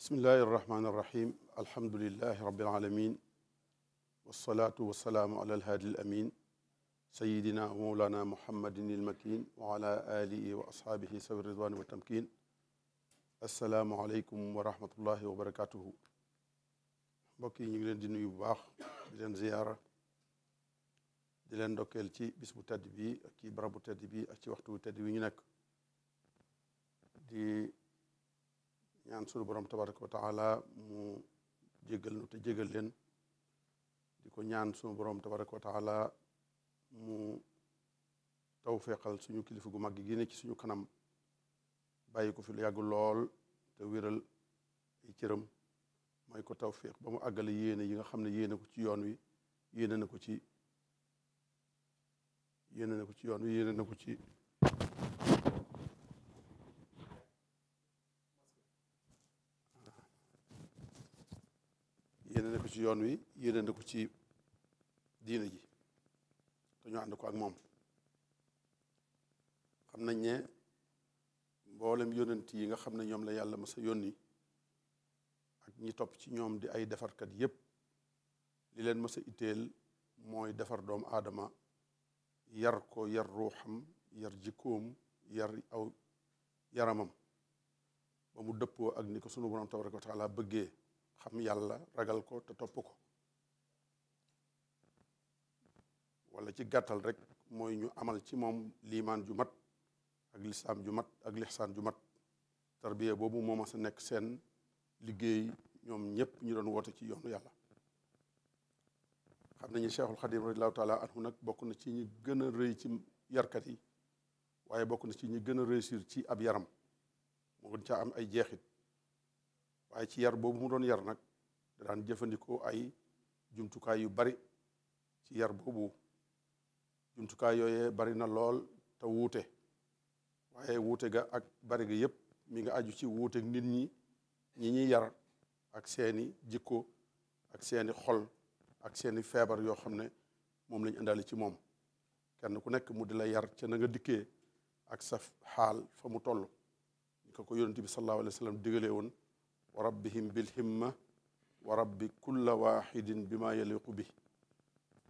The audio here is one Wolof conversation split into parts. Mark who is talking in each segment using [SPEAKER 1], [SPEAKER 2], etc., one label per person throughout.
[SPEAKER 1] bismillahi arrahmani irrahim alhamdulilahi rabilalamin walsalaatu walsalaamu ala alhaadi alamin sayidina wa mawlana muhammadin ilmakin wa ala alihi wa ashaabihi sawi ridwani wa tamkin assalaamu aleykum wa rahmatullahi wa barakatuhu mbokk yi ñu ngi leen di nuyu bu baax di leen ziyaara di leen ndokkeel ci bis bu bi ak ci barab waxtu bu tedd bi ñu nekk ñaan sunu borom tabaraka wa taala mu jégal nu te jégal leen di ko ñaan sunu borom tabaraka wa taala mu tawfeexal suñu kilifa gu mag gi ne ci suñu kanam bàyyi ko fi lu yàgg lool te wéral ay cëram may ko tawfeex ba mu àggale yéene yi nga xam ne yéene ko ci yoon wi yéene na ko ci yéene na ko ci yoon wi yéene na ko ci yoon wi yéene ko ci diina ji te ñu ànd ko ak moom xam nañ ne mboolem yónent yi nga xam ne ñoom la yàlla mës a yónni ak ñi topp ci ñoom di ay defarkat yépp li leen mës a itteel mooy defar doomu aadama yar ko yar ruuxam yar jikkoom yar aw yaramam ba mu dëppoo ak ni ko sunu borom tabaraka wa taala bëggee xam yàlla ragal ko te topp ko walla ci gàttal rek mooy ñu amal ci moom liimaan ju mat ak lislaam ju mat ak lixsaan ju mat tarbiya boobu moom ma sa nekk seen liggéey ñoom ñépp ñu doon woote ci yoonu yàlla xam nañu cheikhul xadim radiallahu taala anhu nag bokk na ci ñi gën a rëy ci yarkat yi waaye bokk na ci ñi gën a réussir ci ab yaram moo gën caa am ay jeexit waaye ci yar boobu mu doon yar nag da daan jëfandikoo ay jumtukaay yu bari ci yar boobu jumtukaay yooye bari na lool te wuute waaye wuute ga ak bari ga yépp mi nga aju ci wuute nit ñi ñi ñuy yar ak seeni jikko ak seeni xol ak seeni feebar yoo xam ne moom lañ indaale ci moom kenn ku nekk mu di la yar ca na nga dikkee ak sa xaal fa mu toll ñu ko ko yonent bi sallallahu alayhi wa sallam woon wa rabbihim bilhimma wa rabbi kulla waxidin bi ma yaliqu bi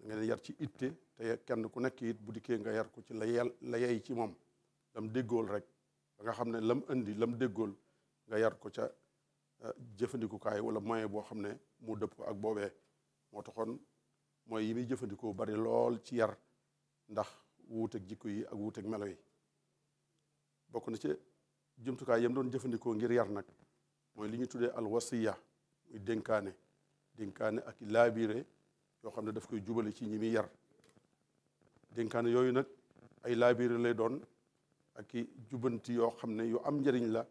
[SPEAKER 1] nga leen yar ci itte te kenn ku nekk bu dikkee nga yar ko ci la yel la yey ci moom lam déggool rek ba nga xam ne lam indi lam déggool nga yar ko ca eh, jëfandikukaay wala moyen boo xam ne mu dëpp ak boobee moo taxoon mooy yi muy jëfandikoo bari lool ci yar ndax wuuteeg jikko yi ak wuuteeg melo yi bokk na ci jumtukaay yam doon jëfandikoo ngir yar nag mooy li ñu tuddee alwasiya muy dénkaane dénkaane ak laabire yoo xam ne daf koy jubale ci ñi muy yar dénkaane yooyu nag ay laabire lay doon ak jubanti yoo xam ne yu am njëriñ la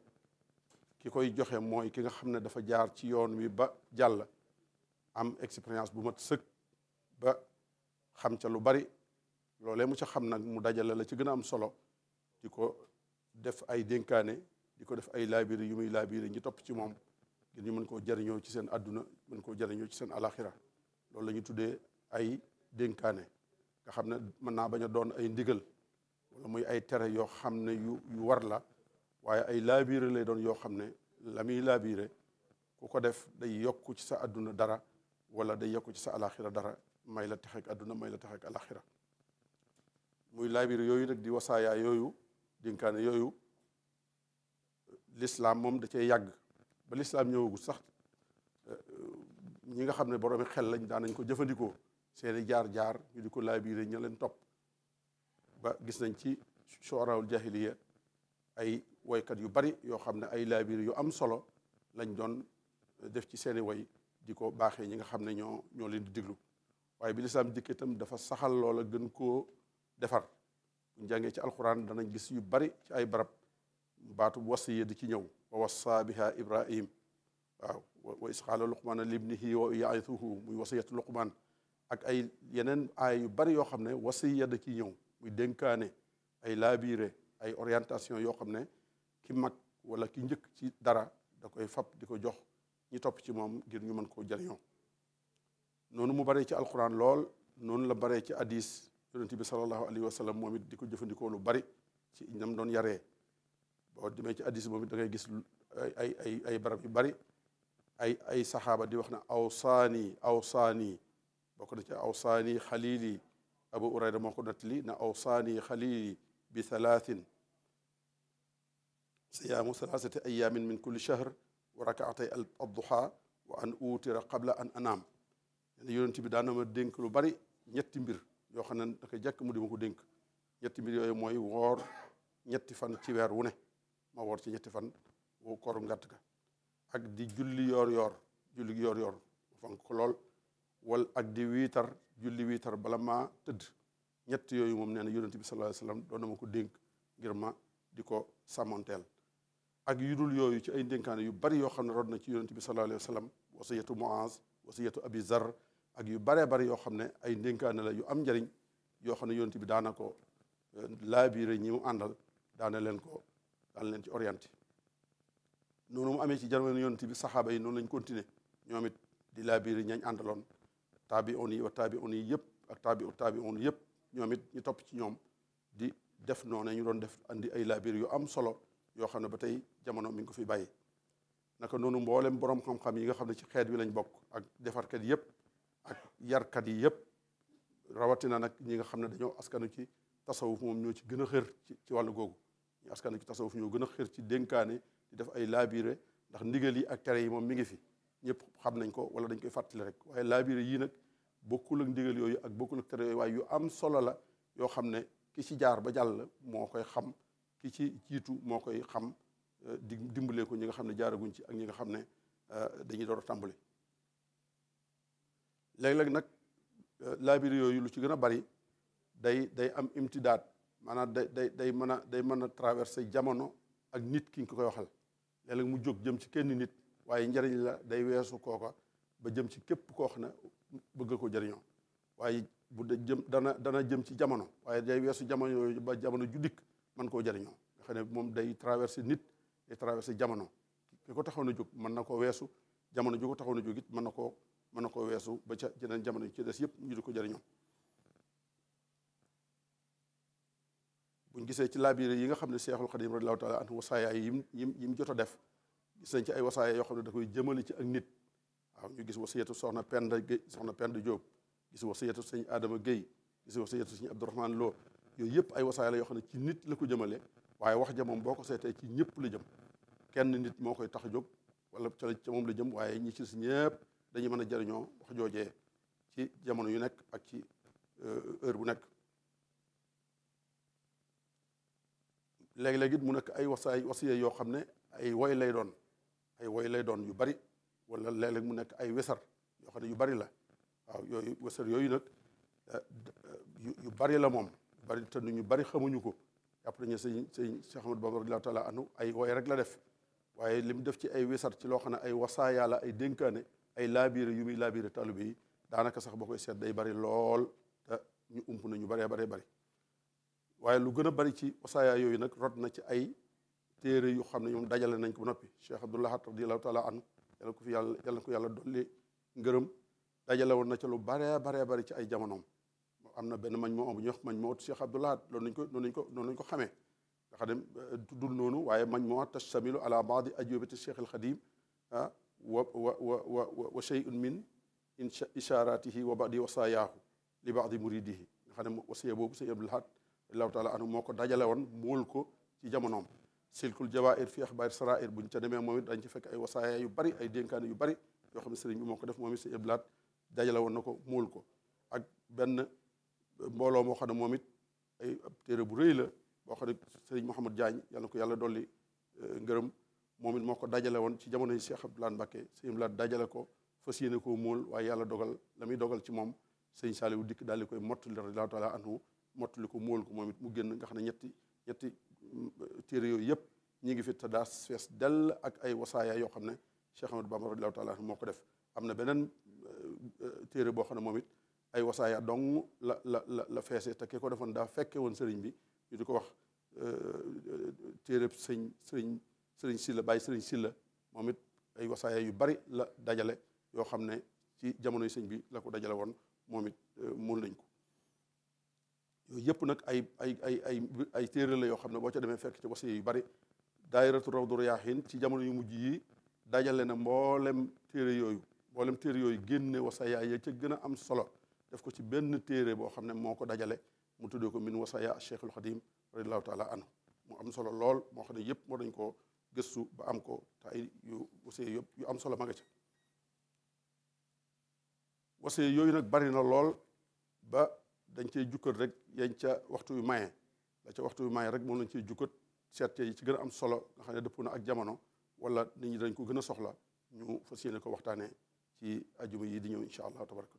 [SPEAKER 1] ki koy joxe mooy ki nga xam ne dafa jaar ci yoon wi ba jàll am expérience bu mat sëkk ba xam ca lu bari loolee mu ca xam nag mu dajale la ci gën a am solo di ko def ay dénkaane di ko def ay laabiri yu muy laabiri ñi topp ci moom ngir ñu mën koo jariñoo ci seen adduna mën koo jariñoo ci seen alaxira loolu la ñu tuddee ay dénkaane nga xam ne mën naa bañ a doon ay ndigal wala muy ay tere yoo xam ne yu warla waaye ay laabire lay doon yoo xam ne la muy laabire ku ko def day yokku ci sa adduna dara wala day yokku ci sa alaxira dara may la texeeg adduna may la texeeg alaxira muy laabire yooyu nag di wasaayaa yooyu dénkaane yooyu lislaam moom da cee yàgg ba lislaam ñëwagul sax euh, ñi nga xam ne boroomi xel lañ daan nañ ko jëfandikoo seeni jaar-jaar ñu di ko laaj biir ñu leen topp ba gis nañ ci shu'araul jahiliya ay woykat yu bari yoo xam ne ay laabir yu am solo lañ doon def ci seeni woy di ko baaxee ñi nga xam ne ñoo ñoo leen di diglu waaye bi lislaam dikkee itam dafa saxal loola gën koo defar buñ jàngee ci alxuraan danañ gis yu bari ci ay barab baatu wasiya di ci ñëw wa wassa biha ibrahim waaw wa isqaala luqmaana libnihi wa yaithuhu muy wasiyatu luqmaan ak ay yeneen aay yu bari yoo xam ne wasiya da ci ñëw muy dénkaane ay laabire ay orientation yoo xam ne ki mag wala ki njëkk ci dara da koy fab di ko jox ñi topp ci moom ngir ñu mën koo jariñoo noonu mu baree ci alquran lool noonu la baree ci hadis yonente bi salallahu alayhi wa sallam moom it di ko jëfandikoo lu bari ci ñam doon yaree boo demee ci addis moom it dangay gis ay ay ay barab yu bari ay ay saxaaba di wax na awsaani awsaani bokk na ci awsaani xalili abu urayda moo ko nettali na awsaani xalili bi thalathin siyaamu thalathati ayamin min kulli shahr wa rakaatay adduha wa an utira qabla an anaam ne yonent bi daan ma dénk lu bari ñetti mbir yoo xam ne da koy jàkk dénk ñetti mbir yooyu mooy woor ñetti fan ci weer wu ne ma woor ci ñetti fan woo koru ngàtt ak di julli yoor yoor julli gi yoor yoor fonk ko lool wal ak di wiitar julli wiitar bala maa tëdd ñett yooyu moom nee na yonent bi sallallahu alayhi wasallam na ma ko dénk ngir ma di ko sàmmanteel ak yu dul yooyu ci ay dénkaane yu bari yoo xam ne rod na ci yonent bi sallallahu alayhi wasallam wasiyatu Muaz wasiyatu Abi Zar ak yu baree bari yoo xam ne ay dénkaane la yu am njariñ yoo xam ne yonent bi daana ko eh, laabiire daan leen ci orienté noonu mu amee ci jamono yonent bi saxaaba yi noonu lañ continuer ñoomit di laa biir ñañ àndaloon taabi'un yi wa taabi'un yi yëpp ak taabi'u taabi'un yëpp ñoom ñu topp ci ñoom di def noonu ñu doon def andi ay laa biir yu am solo yoo xam ne ba tey jamono mi ngi ko fi bay naka noonu mboolem borom xam-xam yi nga xam ne ci xeet wi lañ bokk ak defarkat yëpp ak yarkat yi yëpp rawatina nag ñi nga xam ne dañoo askanu ci tasawuf moom ñoo ci gën a xër ci wàllu googu ñu askan ci tasawuf ñoo gën a xër ci dénkaane di def ay laabiire ndax ndigal yi ak tere yi moom mi ngi fi ñëpp xam nañ ko wala dañ koy fàttali rek waaye laabiire yii nag bokkul ak ndigal yooyu ak bokkul ak tere yooyu am solo la yoo xam ne ki ci jaar ba jàll moo koy xam ki ci jiitu moo koy xam euh, di dimbalee ko ñi nga xam ne jaaraguñ ci ak ñi nga xam ne euh, dañuy door a tàmbali léeg-léeg nag euh, laabire yooyu lu ci gën a bari day day am imtidaat maanaam day day day mën a day mën a traversé jamono ak nit ki nga koy waxal léeg mu jóg jëm ci kenn nit waaye njariñ la day weesu kooka ba jëm ci képp koo xam ne bëgg ko jëriñoo waaye bu dee jëm dana dana jëm ci jamono waaye day weesu jamono yooyu ba jamono ju dikk mën koo jëriñoo nga xam ne moom day traversé nit day traversé jamono ki ko taxaw na jóg mën na koo weesu jamono ju ko taxaw na jóg it mën na koo mën na koo weesu ba ca jeneen jamono ci des yëpp ñu di ko jëriñoo buñ gisee ci labiré yi nga xam ne Seexul Xadim radiyallahu taala anhu wasaaya yim yim yim jot a def gis ci ay wasaaya yoo xam ne da koy jëmale ci ak nit waaw ñu gis wasiyatu soxna Penda Guèye soxna Penda Diop gis wasiyatu sëñ Adama Guèye gis wasiyatu sëñ Abdourahmane Lo yooyu yëpp ay wasaaya la yoo xam ne ci nit la ko jëmale waaye wax ja moom boo ko seetee ci ñëpp la jëm kenn nit moo koy tax a jóg wala ca ci moom la jëm waaye ñu ci si ñëpp dañuy mën a jariñoo wax joojee ci jamono yu nekk ak ci euh, heure bu nekk léegi-léegi mu nekk ay wasaay wasiya yoo xam ne ay woy lay doon ay woy lay doon yu bari wala léeg-léeg mu nekk ay wesar yoo ne yu bari la waaw yooyu wesar yooyu nag eh, eh, yu bari la moom bari nu ñu bari xamuñu ko yàpp nañu sëñ sëñ Cheikh Ahmadou Bamba radiyallahu ay woy rek la def waaye li mu def ci ay wesar ci loo xam ne ay wasaaya la ay dénkaane ay laabiire yu muy laabiire taalibe yi daanaka sax boo koy seet day bari lool te ñu ump na ñu baree baree bari waaye lu gën a bari ci wasaaya yooyu nag rot na ci ay téere yu xam ne ñoom dajale nañ ko ba noppi Cheikh Abdou Lahad radiyallahu taala an yàlla ko fi yàlla yàlla ko yàlla dolli ngërëm dajale woon na ca lu baree baree bari ci ay jamonoom am na benn mañ moo bu mañ moo Cheikh Abdou Lahad loolu nañ ko noonu nañ ko noonu nañ ko xamee nga xam ne euh, noonu waaye mañ moo tashtamilu ala baadi ajubati Cheikh al Xadim ah wa wa wa wa wa shay'un min in isharatihi wa baadi wasaayaahu li di muridihi nga xam ne wasiya boobu Sëñ Abdou laaw taala anu moo ko dajale woon muul ko ci jamonoom silkul jawaahir fi axbaar sarair buñ ca demee moom it dañ ci fekk ay wasaaya yu bari ay dénkaane yu bari yoo xam ne sëriñ bi moo ko def moom it si dajale woon na ko muul ko ak benn mbooloo moo xam ne moom it ay ab bu rëy la boo xam ne sëriñ Mouhamed Diagne yàlla ko yàlla dolli e, ngërëm moom it moo ko dajale woon ci jamono yi Cheikh Abdoulaye Mbacké sëriñ Iblaat dajale ko fas yéene ko muul waaye yàlla dogal la muy dogal ci moom sëriñ wu dikk daal di koy mottali radiallahu taala anhu mottali ko móol ko moom it mu génn nga xam ne ñetti ñetti mm, téere yooyu yëpp ñi ngi fi te daa fees dell ak ay wasaaya yoo xam ne Cheikh Ahmadou Bamba radiyallahu taala moo ko def am na beneen euh, euh, téere boo xam ne moom it ay wasaaya dong la la la la feese te ki ko defoon daa fekke woon sëriñ bi ñu di ko wax euh, téere sëñ sëriñ sëriñ silla bàyyi sëriñ silla moom it ay wasaaya yu bari la dajale yoo xam ne ci jamonoy sëñ bi la ko dajale woon moom it mool nañ ko yooyu yëpp nag ay ay ay ay téere la yoo xam ne boo ca demee fekk ci wasiya yu bari daayiratu rawdu riyaahin ci jamono yu mujj yi dajale na mboolem téere yooyu mboolem téere yooyu génne wasaya ya ca gën a am solo def ko ci benn téere boo xam ne moo ko dajale mu tuddee ko min wasaya cheikhul xadim radiallahu taala anhu mu am solo lool moo xam ne yëpp moo dañ koo gëstu ba am ko te ay yu wasiya yëpp yu am solo ma nga yooyu nag bari na lool ba dañ cey jukkat rek yañ ca waxtu wi maye la ca waxtu wi maye rek moom lañ cey jukkat seet yi ci gën a am solo nga xam ne dëppoo na ak jamono wala nit ñi dañ ko gën a soxla ñu fas yéene ko waxtaanee ci ajuma yi di ñëw incha allah tabaraka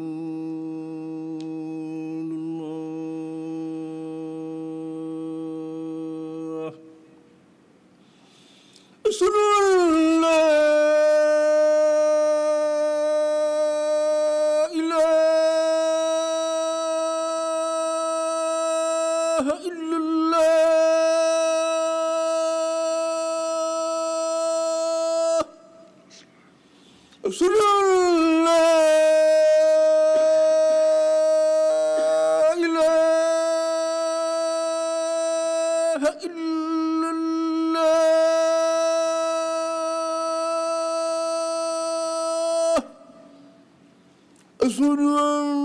[SPEAKER 2] إلا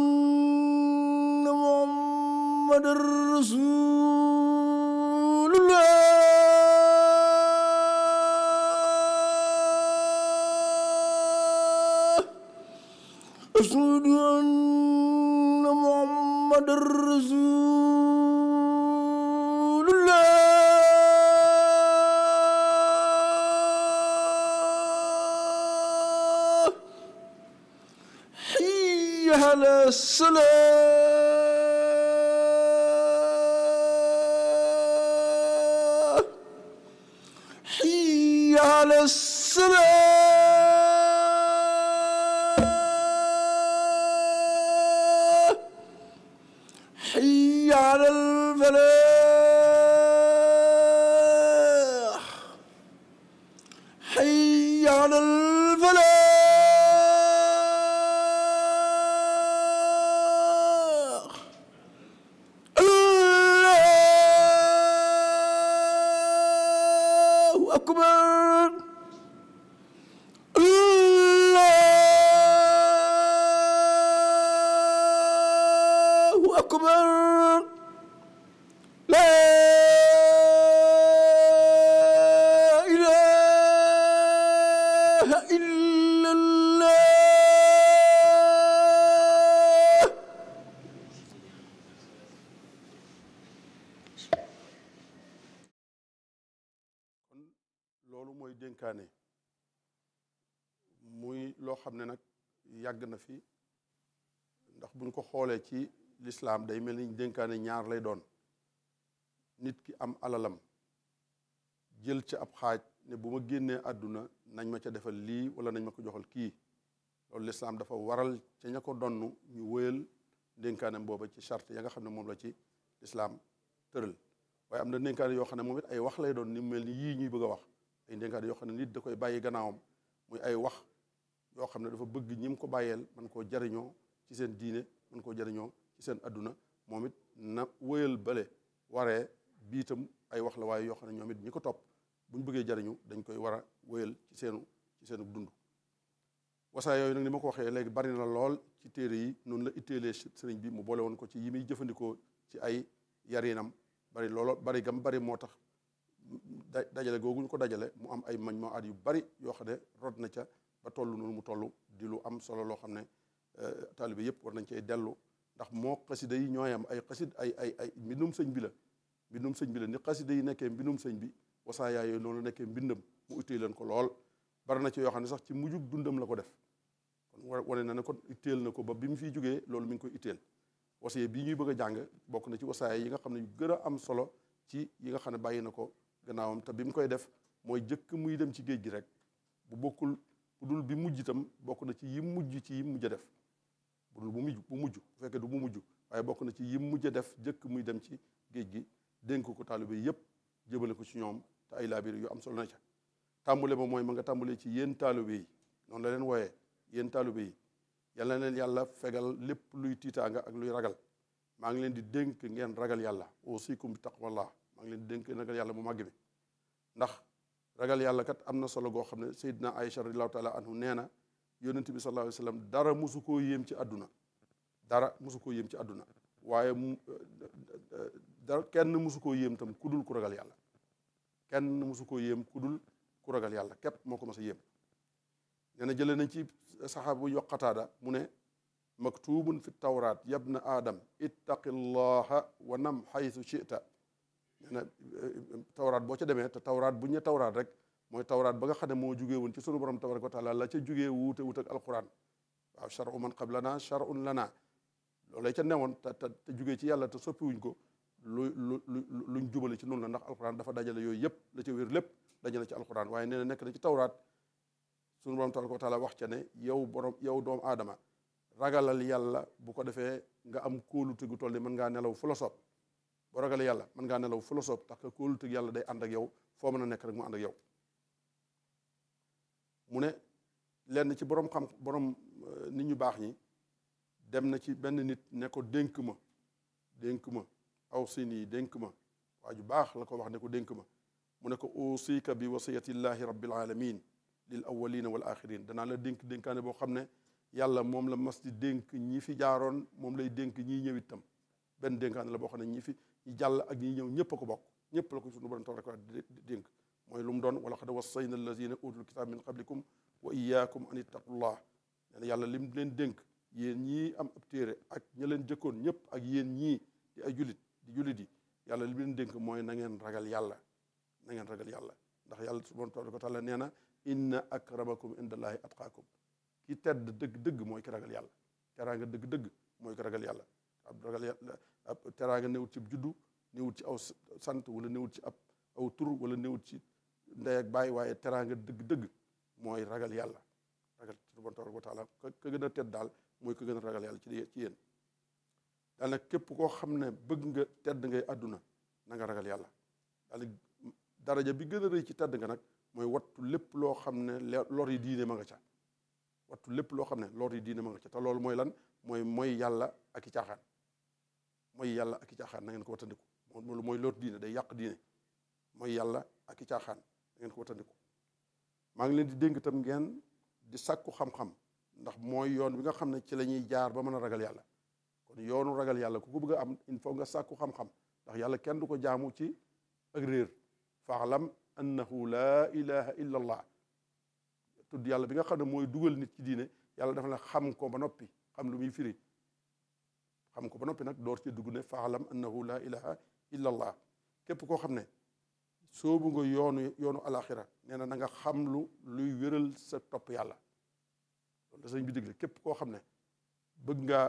[SPEAKER 2] إلا kon
[SPEAKER 1] loolu mooy dénkaane muy loo xam ne nag yàgg na fi ndax buñ ko xoolee ci lislaam day mel ni dénkaane ñaar lay doon nit ki am alalam jël ci ab xaaj ne bu ma génnee àdduna nañ ma ca defal lii wala nañ ma ko joxal kii loolu lislaam dafa waral ca ña ko donn ñu wëyal ndénkaanam booba ci charte ya nga xam ne moom la ci lislaam tëral waaye am na ndénkaane yoo xam ne moom it ay wax lay doon ni mu mel ni yii ñuy bëgg a wax ay ndénkaane yoo xam ne nit da koy bàyyi gannaawam muy ay wax yoo xam ne dafa bëgg ñi ko bàyyeel man koo jariñoo ci seen diine man koo jariñoo ci seen adduna moom it na wëyal bale waree biitam ay wax la yoo xam ne ñoom it ñi ko topp bu ñu bëggee jariñu dañ koy war a wéyal ci seenu ci seenu dund wasaay yooyu nag ni ma ko waxee léegi bari na lool ci téere yi noonu la itteelee sëriñ bi mu boole woon ko ci yi muy jëfandikoo ci ay yarinam bari loolo bari gam bari moo tax dajale googu ñu ko dajale mu am ay mañ moo at yu bari yoo xam ne rod na ca ba toll noonu mu toll di lu am solo loo xam ne eh, taalibe yëpp war nañ cee dellu ndax moo xasida yi ñooyam ay xasid ay ay ay mbindum sëñ bi la mbindum sëñ bi la ni nekkee mbindum sëñ bi wasaayaa yooyu noonu nekkee mbindam mu itteel leen ko lool bari na ci yoo xam ne sax ci mujjug dundam la ko def kon wane na ne kon itteel na ko ba bi mu fiy jógee loolu mi ngi koy itteel wasiya bii ñuy bëgg a jàng bokk na ci wasaaya yi nga xam ne yu gën a am solo ci yi nga xam ne bàyyi na ko gannaawam te bi mu koy def mooy jëkk muy dem ci géej gi rek bu bokkul bu dul bi mujj itam bokk na ci yim mujj ci yim mujj a def bu dul bu mujj bu mujj bu fekkee du bu mujj waaye bokk na ci yim mujj a def jëkk muy dem ci géej gi dénk ko taalibe yépp jëbale ko ci ñoom te ay laabiri yu am solo na ca tàmbule ba mooy ma nga tàmbule ci yéen taalibe yi noonu la leen wooyee yéen taalibe yi yalla na leen yàlla fegal lépp luy tiitaanga ak luy ragal maa ngi leen di dénk ngeen ragal yàlla wasikum bi taqwallah maa ngi leen di dénk ragal yàlla mu màgg bi ndax ragal yàlla kat am na solo goo xam ne Seydina Aïcha radiallahu taala anhu nee na yonent bi sallallahu alayhi wa dara musu koo yéem ci àdduna dara musu koo yéem ci àdduna waaye dara kenn musu koo yéem tam ku dul ku ragal yàlla kenn mosu ko yéem ku dul ku yàlla képp moo ko mos a yéem nee na jëlee nañ ci saxaaba bu yoqataada mu ne maktubun fi tawraat yabna aadam ittaqillaha wa nam xaytu chita nee na tawraat boo ca demee te tawraat bu ñu tawraat rek mooy tawraat ba nga xam ne moo jugee wun ci sunu borom ko wa laa la ca jugee wuute wuute ak alquran waaw charu man qablana charun lana loolay ca newoon te te jugee ci yàlla te soppiwuñ ko lu lu luñ jubale ci noonu la ndax alxuraan dafa dajale yooyu yëpp la ca wér lépp dajale ci alxuraan waaye nee na nekk na ci tawraat sunu borom tabaraka wa taala wax ca ne yow borom yow doomu aadama ragalal yàlla bu ko defee nga am kóolute gu toll ni mën ngaa nelaw fu la soob boo ragal yàlla mën ngaa nelaw fu la soob tax que kóolute yàlla day ànd ak yow foo mën a nekk rek mu ànd ak yow mu ne lenn ci borom xam borom nit ñu baax ñi dem na ci benn nit ne ko dénk ma dénk ma aw si nii dénk ma waa ju baax la ko wax ne ko dénk ma mu ne ko usiika bi wasiyatillahi rabbil alamin lil awalina wal axirin danaa la dénk dénkaane boo xam ne yàlla moom la mas di dénk ñi fi jaaroon moom lay dénk ñiy ñëw itam benn dénkaane la boo xam ne ñi fi jàll ak ñi ñëw ñëpp ko bokk ñëpp la ko sunu borom tabaraka wa taala dénk mooy lu mu doon wala xad wassayna allazina utul kitaab min qablikum wa iyaakum an ittaqullah nee na yàlla lim leen dénk yéen ñii am ab ak ña jëkkoon ñëpp ak yéen ñi di ay julit di jullit yi yàlla li leen dénk mooy nangeen ragal yàlla na ngeen ragal yàlla ndax yàlla subhanahu tabaraka wa taala nee na inna akramakum indallahi atqaakum ki tedd dëgg-dëgg mooy ki ragal yàlla teraanga dëgg-dëgg mooy ki ragal yàlla ab ragal yàlla ab teraanga newut ci juddu newut ci aw sant wala newut ci ab aw tur wala newut ci ndey baay bàyyi waaye teraanga dëgg-dëgg mooy ragal yàlla ragal subhanahu tabaraka wa taala ka gën a tedd daal mooy ka gën a ragal yàlla ci ci yéen daal képp koo xam ne bëgg nga tedd ngay àdduna na nga ragal yàlla daal daraja bi gën a rëy ci tedd nga nag mooy wattu lépp loo xam ne lor yi diine ma nga ca wattu lépp loo xam ne lor yi diine ma ca te loolu mooy lan mooy mooy yàlla ak i caaxaan mooy yàlla ak i caaxaan na ngeen ko wattandiku loolu mooy lor diine day yàq diine mooy yàlla ak i caaxaan na ngeen ko wattandiku maa ngi leen di dénk tam ngeen di sàkku xam-xam ndax mooy yoon bi nga xam ne ci la ñuy jaar ba mën a ragal yàlla yoonu ragal yàlla ku ko bëgg am il faut nga sàkku xam-xam ndax yàlla kenn du ko jaamu ci ak réer faalam annahu laa ilaha illa allah tudd yàlla bi nga xam ne mooy dugal nit ci diine yàlla dafa ne xam ko ba noppi xam lu muy firi xam ko ba noppi nag door ci dugg ne faalam annahu laa ilaha illa allah képp koo xam ne soobu nga yoonu yoonu alaxira nee na na xam lu luy wéral sa topp yàlla loolu da sëñ bi digle képp koo xam ne bëgg ngaa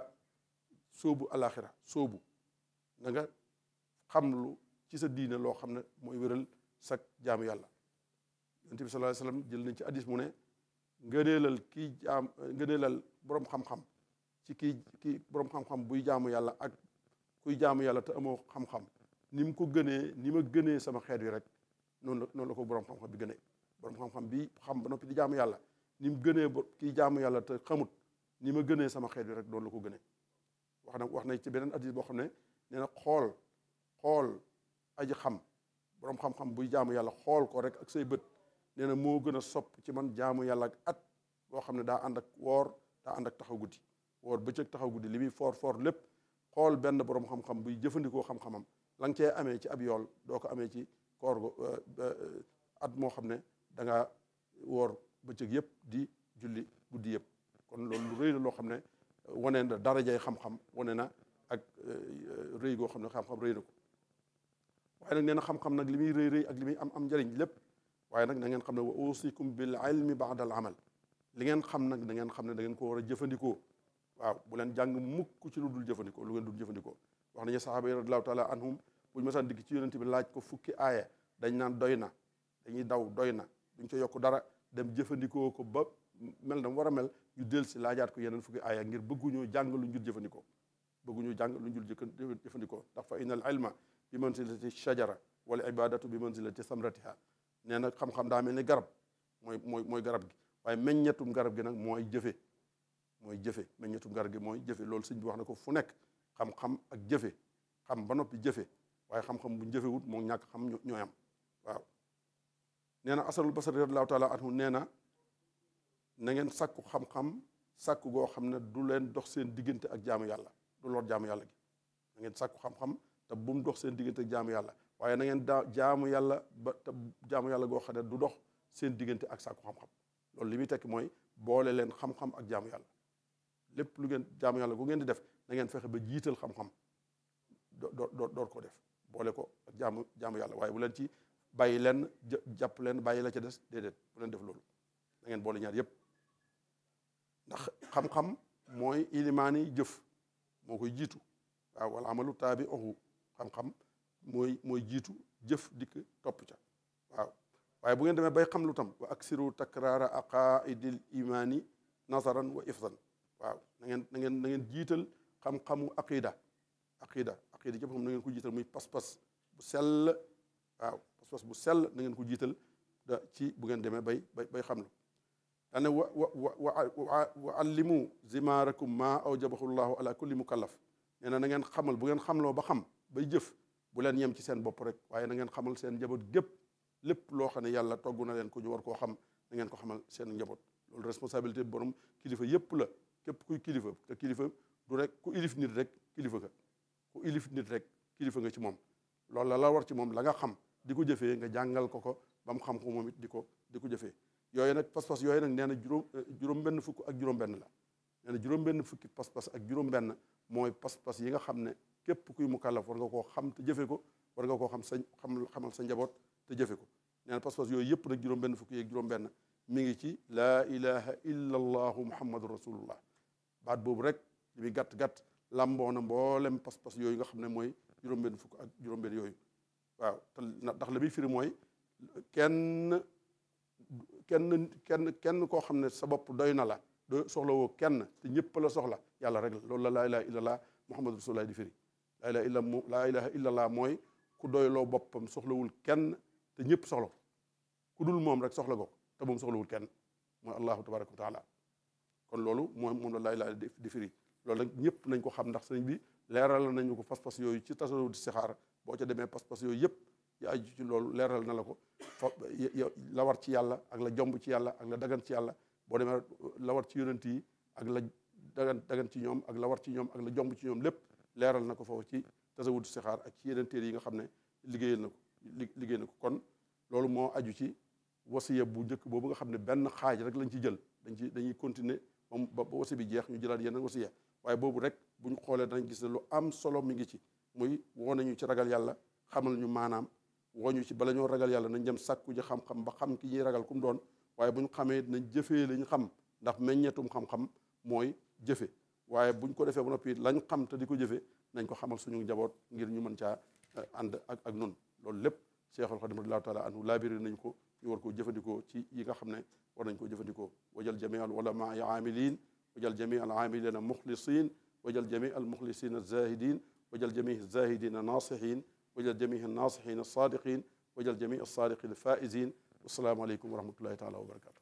[SPEAKER 1] sóobu alaxira soobu na nga xam lu ci sa diina loo xam ne mooy wéral sag jaamu yàlla yonent bi sallallahu alayhi wasallam jël nañ ci hadis mu ne ngëneelal kii jaam ngëneelal boroom xam ci kii kii boroom xam-xam buy jaamu yàlla ak kuy jaamu yàlla te amoo xam-xam ni mu ko gënee ni ma gënee sama xeet wi rek noonu la noonu ko boroom xam-xam bi gënee boroom xam bi xam ba noppi di jaamu yàlla ni mu gënee kii jaamu yàlla te xamut ni ma gënee sama xeet wi rek noonu la ko gënee wax na wax na ci beneen addis boo xam ne nee xool xool aji xam boroom xam-xam buy jaamu yàlla xool ko rek ak say bët nee na moo gën a sopp ci man jaamu yàlla ak at boo xam ne daa ànd ak woor daa ànd taxaw guddi woor bëccëg taxaw guddi li muy foor foor lépp xool benn boroom xam-xam buy jëfandikoo xam-xamam la nga cee amee ci ab yool doo ko amee ci koor go euh, euh, at moo xam ne da ngaa woor bëccëg yëpp di julli guddi yëpp kon loolu rëy la loo xam ne wane na darajay xam-xam wane na ak eh, rëy goo xam ne xam-xam rëy na ko waaye nag nee xam-xam nag li muy rëy ak li muy am am njariñ lépp waaye nag na ngeen xam ne wa usikum bil ilmi baada al amal li ngeen xam nag da ngeen xam ne da ko war a jëfandikoo waaw bu leen jàng mukk ci lu dul jëfandikoo lu ngeen dul jëfandikoo wax nañu sahaaba yi radiallahu taala anhum buñu masaan digg ci yonente bi laaj ko fukki aaya dañ naan doy na dañuy daw doy na duñ ca yokk dara dem jëfandikoo ko ba mel na war a mel ñu si laajaat ko yeneen fukki ay ngir bëgguñoo jàng lu njul jëfandikoo bëgguñoo jàng lu njul jëfandikoo ndax fa inal ilma bi manzilati shajara wala ibadatu bi manzilati samratiha nee na xam-xam daa mel ni garab mooy mooy mooy garab gi waaye meññetum garab gi nag mooy jëfe mooy jëfe meññetum garab gi mooy jëfe loolu sëñ bi wax na ko fu nekk xam-xam ak jëfe xam ba noppi jëfe waaye xam-xam bu jëfewut moom ñàkk xam ñooyam waaw nee na asalul basari radiallahu taala anhu nee na na ngeen sàkku xam-xam sàkku goo xam ne du leen dox seen diggante ak jaamu yàlla du lool jaamu yàlla gi na ngeen sàkku xam-xam te bu mu dox seen diggante ak jaamu yàlla waaye na ngeen daa jaamu yàlla ba te jaamu yàlla goo xam ne du dox seen diggante ak sàkku xam loolu li muy tekki mooy boole leen xam ak jaamu yàlla lépp lu ngeen jaamu yàlla gu ngeen di def na ngeen fexe ba jiital xam-xam do door ko def boole ko ak jaamu jaamu yàlla waaye bu leen ci bàyyi leen jàpp leen bàyyi la ca des déedéet bu leen def loolu na ngeen boole ñaar yépp ndax xam-xam mooy ilimaani jëf moo koy jiitu waaw wala amalu taabi oxu xam-xam mooy mooy jiitu jëf dikk topp ca waaw waaye bu ngeen demee bay xam lu tam wa aksiru takraara aqaidil imaani nazaran wa ifdan waaw na ngeen na ngeen na ngeen jiital xam-xamu aqida aqida aqida jëpp xam na ngeen ko jiital muy pas-pas bu sell waaw pas-pas bu sell na ngeen ko jiital ci bu ngeen demee bay bay bay xam lu dane wa wa wa allimu zimaarakum maa awjabahu llahu ala kulli mukallaf nee na na ngeen xamal bu ngeen xamloo ba xam bay jëf bu leen yem ci seen bopp rek waaye na ngeen xamal seen njaboot gépp lépp loo xam ne yàlla togg na leen ko ñu war koo xam na ngeen ko xamal seen njaboot loolu responsabilité bi borom kilifa yépp la képp kuy kilifa te kilifa du rek ku ilif nit rek kilifa ka ku ilif nit rek kilifa nga ci moom loolu la la war ci moom la nga xam di ko jëfee nga jàngal ko ko ba mu xam ko moom it di ko di ko jëfee yooyu nag pas-pas yooyu nag nee na juróom eh, benn fukk ak juróom-benn la nee na juróom-benn fukki pas-pas ak juróom-benn mooy pas-pas yi nga xam ne képp kuy mukallaf war nga koo xam te jëfe ko war nga koo xam sa xamal sa njaboot te jëfe ko nee na yooyu yëpp nag juróom-benn fukki yeeg juróom-benn ngi ci laa ilaha illa allahu muhammadu rasulullah baat boobu rek li muy gàtt-gàtt làmboo na mboolem pas-pas yooyu nga xam ne mooy juróom-benn fukk ak juróom-benn yooyu waaw te ndax la muy firi mooy kenn kenn kenn kenn koo xam ne sa bopp doy na la do soxla woo kenn te ñëpp la soxla yàlla rek la loolu la laa ilaha illallah muhammadu rasulullah di firi laa ilaha illa mu laa ilaha illallah mooy ku doyloo boppam soxlawul kenn te ñëpp soxla ko ku dul moom rek soxla ko te moom soxlawul kenn mooy allahu tabaraka wa taala kon loolu mooy moom la laa ilaha di firi loolu nag nañ ko xam ndax sëñ bi leeral nañu ko pas-pas yooyu ci tasawuf di sixaar boo ca demee pas-pas yooyu yëpp yu aju ci loolu leeral na la ko fa la war ci yàlla ak la jomb ci yàlla ak la daggan ci yàlla boo demee la ci yonent yi ak la dagan dagan ci ñoom ak la war ci ñoom ak la jomb ci ñoom lépp leeral na ko foofu ci tasawud sixaar ak ci yeneen téere yi nga xam ne liggéey na ko liggéey na ko kon loolu moo aju ci wasiya bu njëkk boobu nga xam ne benn xaaj rek lañ ci jël dañ ci dañuy continuer moom ba wasi bi jeex ñu jëlaat yeneen wasiya waaye boobu rek bu ñu xoolee danañ gis ne lu am solo mi ngi ci muy woo nañu ci ragal yàlla xamal ñu maanaam woñu ci bala ñoo ragal yàlla nañ dem sàkku ji xam-xam ba xam ki ñuy ragal ku mu doon waaye buñ xamee nañ jëfee lañ xam ndax meññetum xam-xam mooy jëfe waaye buñ ko defee ba noppi lañ xam te di ko jëfe nañ ko xamal suñu njaboot ngir ñu mën caa eh, ànd ak ak nun loolu lépp Cheikhul Khadim radiyallahu taala anhu laabiri nañ ko ñu war koo jëfandikoo ci yi nga xam ne war nañ ko jëfandikoo wajal jami al ulama ya amilin wajal jami al amilina muxlisin wajal jami al muxlisina zahidin wajal jami zahidina nasihin wajal jamii annaasihin alsaadiqin wajal jamii alsaadiqin alfaaisin wassalaamu aleykum wa rahmatullahi taala wa barakatu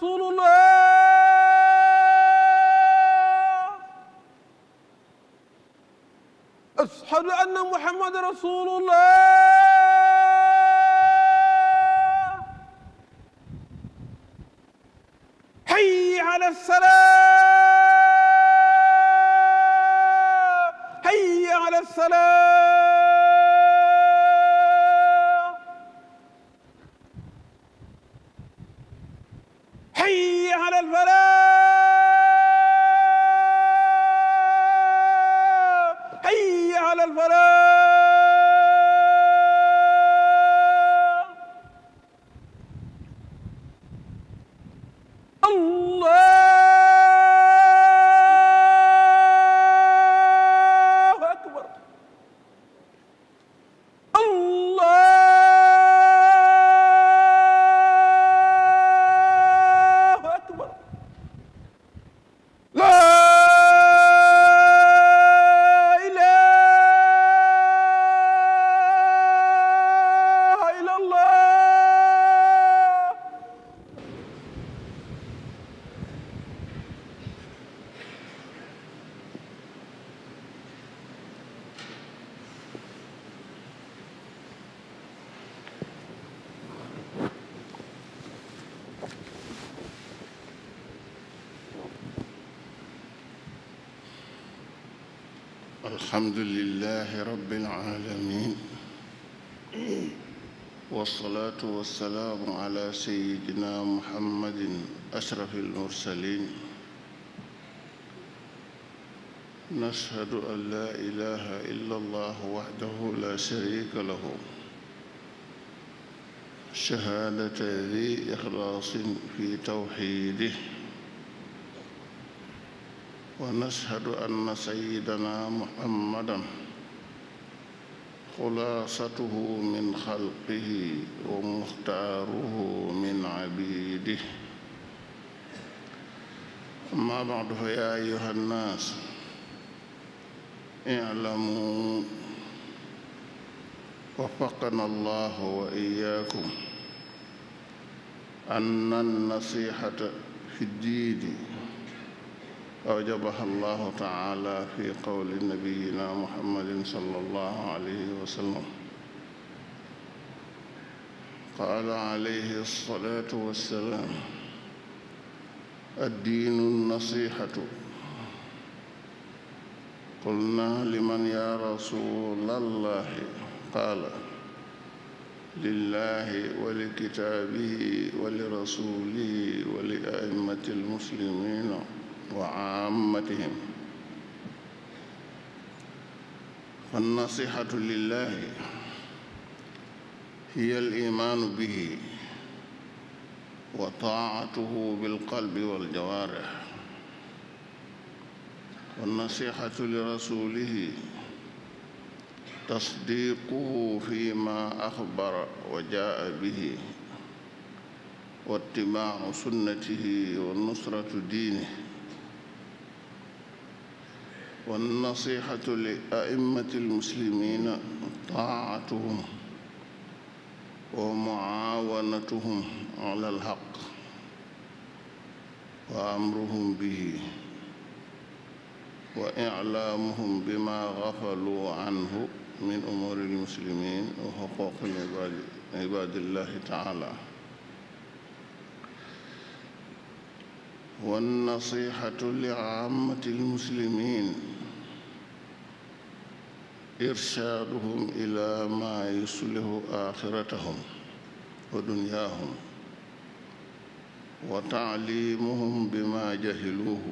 [SPEAKER 3] rasulullah ashhadu anna muhammadan rasulullah hayya ala salaam حي على الفلاح
[SPEAKER 4] alhamdulilahi rabbil aalamiin wasalaatu wasalaamu ala sayidina muhammadin ashrafil mursaliin nashhadu an laa ilaaha illa allahu wahdahu laa shariika lahu shahaadatan dii ixlaasin fi tawxiidihi ونشهد أن سيدنا محمدا خلاصته من خلقه ومختاره من عبيده أما بعد فيا أيها الناس اعلموا وفقنا الله وإياكم أن النصيحة في الدين awjabaha allahu taala fi qawli nabiyina muhammadin sallallahu alayhi wa sallam qaala alayhi alsalatu wassalaam addiinu nasihatu qulna liman ya rasul allahi qaala lillahi wa likitaabihi wa lirasulihi wa lia'immati almuslimina wa ammatihim فالنصيحة لله هي الإيمان به وطاعته بالقلب والجوارح والنصيحة لرسوله تصديقه فيما أخبر وجاء به واتباع سنته ونصرة دينه والنصيحة لأئمة المسلمين طاعتهم ومعاونتهم على الحق وأمرهم به وإعلامهم بما غفلوا عنه من أمور المسلمين وحقوق عباد الله تعالى والنصيحة لعامة المسلمين إرشادهم إلى ما يصلح آخرتهم ودنياهم وتعليمهم بما جهلوه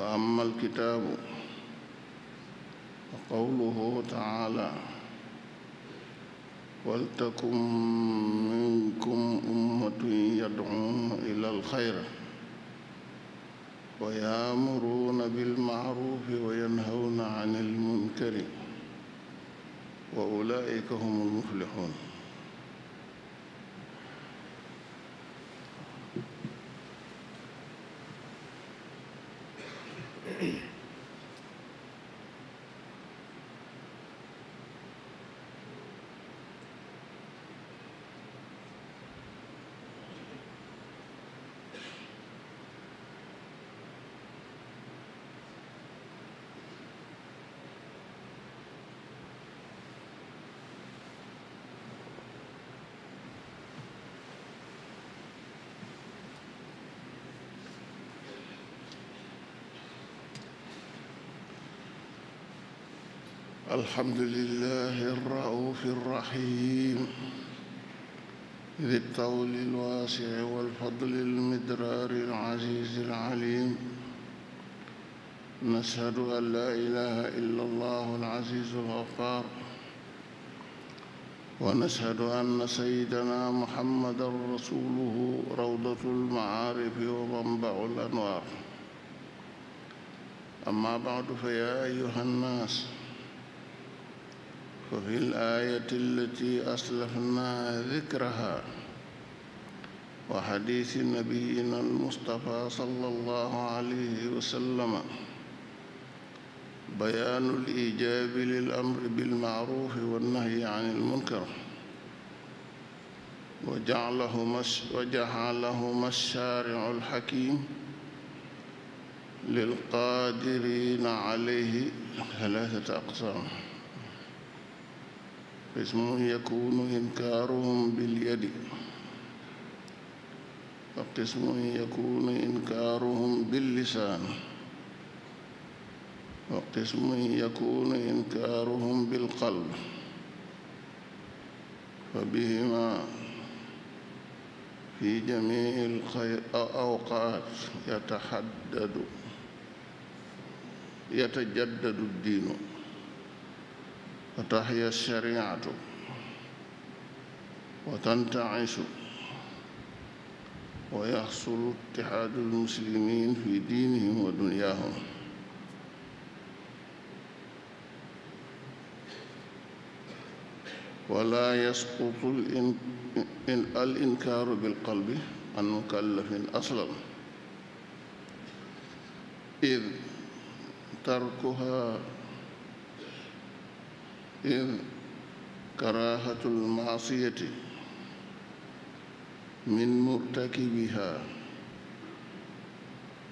[SPEAKER 4] وأما الكتاب وقوله تعالى ولتكن منكم أمة يدعون إلى الخير ويامرون بالمعروف وينهون عن المنكر وأولئك هم المفلحون الحمد لله الرؤوف الرحيم ذي الطول الواسع والفضل المدرار العزيز العليم نشهد أن لا إله إلا الله العزيز الغفار ونشهد أن سيدنا محمدا رسوله روضة المعارف ومنبع الأنوار أما بعد فيا أيها الناس وفي الآية التي أسلفنا ذكرها وحديث نبينا المصطفى صلى الله عليه وسلم بيان الإيجاب للأمر بالمعروف والنهي عن المنكر وجعلهما وجعلهما الشارع الحكيم للقادرين عليه ثلاثة أقسام اسم يكون إنكارهم باليد وقسم يكون إنكارهم باللسان وقسم يكون إنكارهم بالقلب فبهما في جميع الأوقات يتحدد يتجدد الدين فتحيا الشريعة وتنتعش ويحصل اتحاد المسلمين في دينهم ودنياهم ولا يسقط الإنكار بالقلب عن مكلف أصلا إذ تركها إذ كراهة المعصية من مرتكبها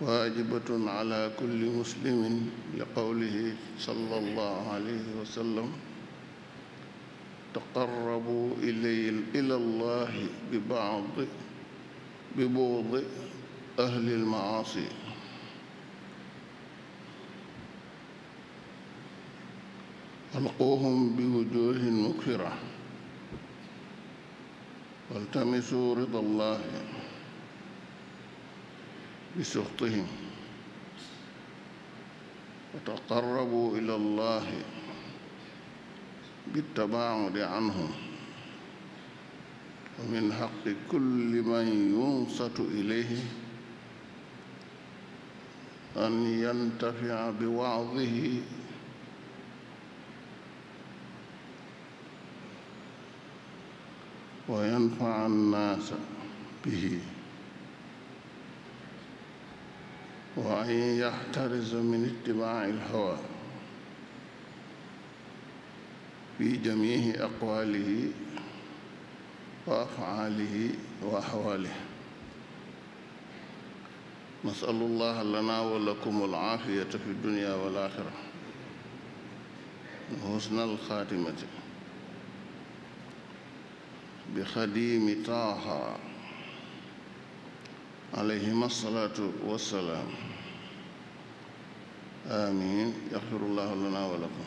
[SPEAKER 4] واجبة على كل مسلم لقوله صلى الله عليه وسلم تقربوا إلي إلى الله ببعض ببغض أهل المعاصي فالقوهم بوجوه مكفرة والتمسوا رضا الله بسخطهم وتقربوا إلى الله بالتباعد عنهم ومن حق كل من ينصت إليه أن ينتفع بوعظه وينفع الناس به وأن يحترز من اتباع الهوى في جميع أقواله وأفعاله وأحواله نسأل الله لنا ولكم العافية في الدنيا والآخرة وحسن الخاتمة بخديم طه عليهما الصلاة والسلام آمين يغفر الله لنا ولكم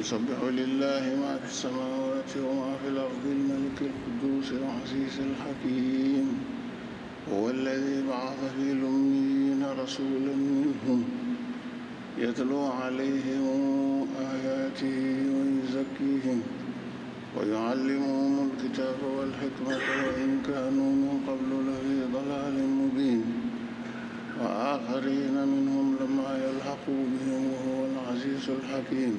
[SPEAKER 4] يسبح لله ما في السماوات وما في الأرض الملك القدوس العزيز الحكيم هو الذي بعث في الأمين رسولا منهم يتلو عليهم آياته ويزكيهم ويعلمهم الكتاب والحكمة وإن كانوا من قبل لفي ضلال مبين وآخرين منهم لما يلحقوا بهم وهو العزيز الحكيم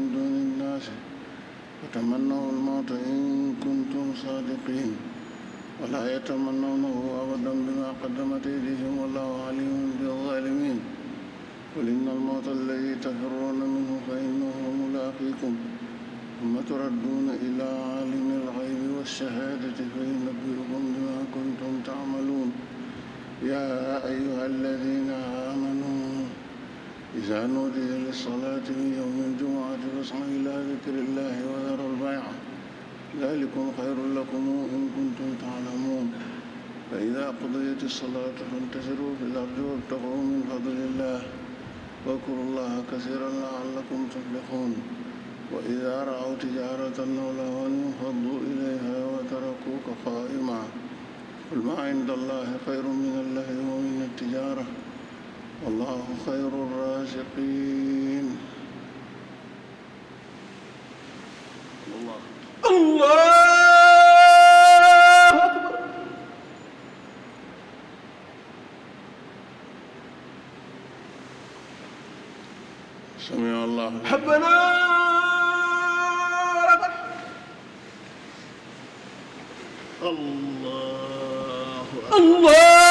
[SPEAKER 4] تمنوا الموت إن كنتم صادقين ولا يتمنونه أبدا بما قدمت إيديهم والله عليم بالظالمين قل إن الموت الذي تفرون منه فإنه ملاقيكم ثم تردون إلى عالم الغيب والشهادة فينبئكم بما كنتم تعملون يا أيها الذين آمنوا إذا نودي للصلاة من يوم الجمعة فاسعوا إلى ذكر الله وذروا البيع ذلكم خير لكم إن كنتم تعلمون فإذا قضيت الصلاة فانتشروا في الأرض وابتغوا من فضل الله واذكروا الله كثيرا لعلكم تفلحون وإذا رأوا تجارة أو لهوا انفضوا إليها وتركوك قائما قل ما عند الله خير من الله ومن التجارة والله خير الرازقين الله الله أكبر سمع الله حبنا الله
[SPEAKER 2] الله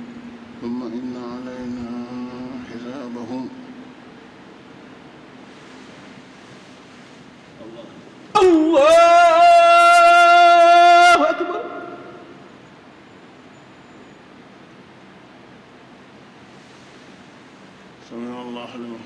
[SPEAKER 4] ثم إن علينا حسابهم
[SPEAKER 2] الله أكبر
[SPEAKER 4] سمع الله لمن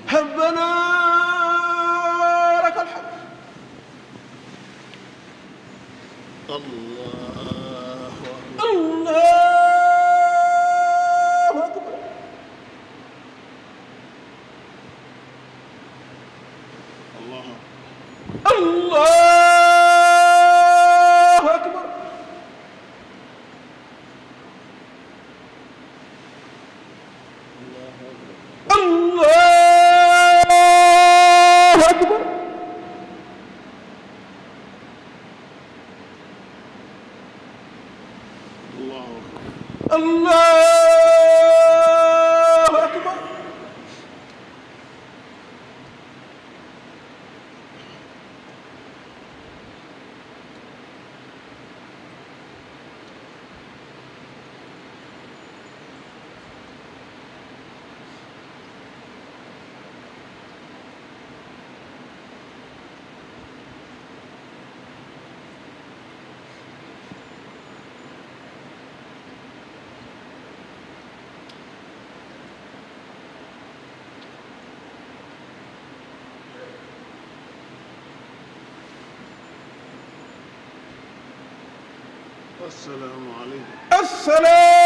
[SPEAKER 4] asalaamaaleykum.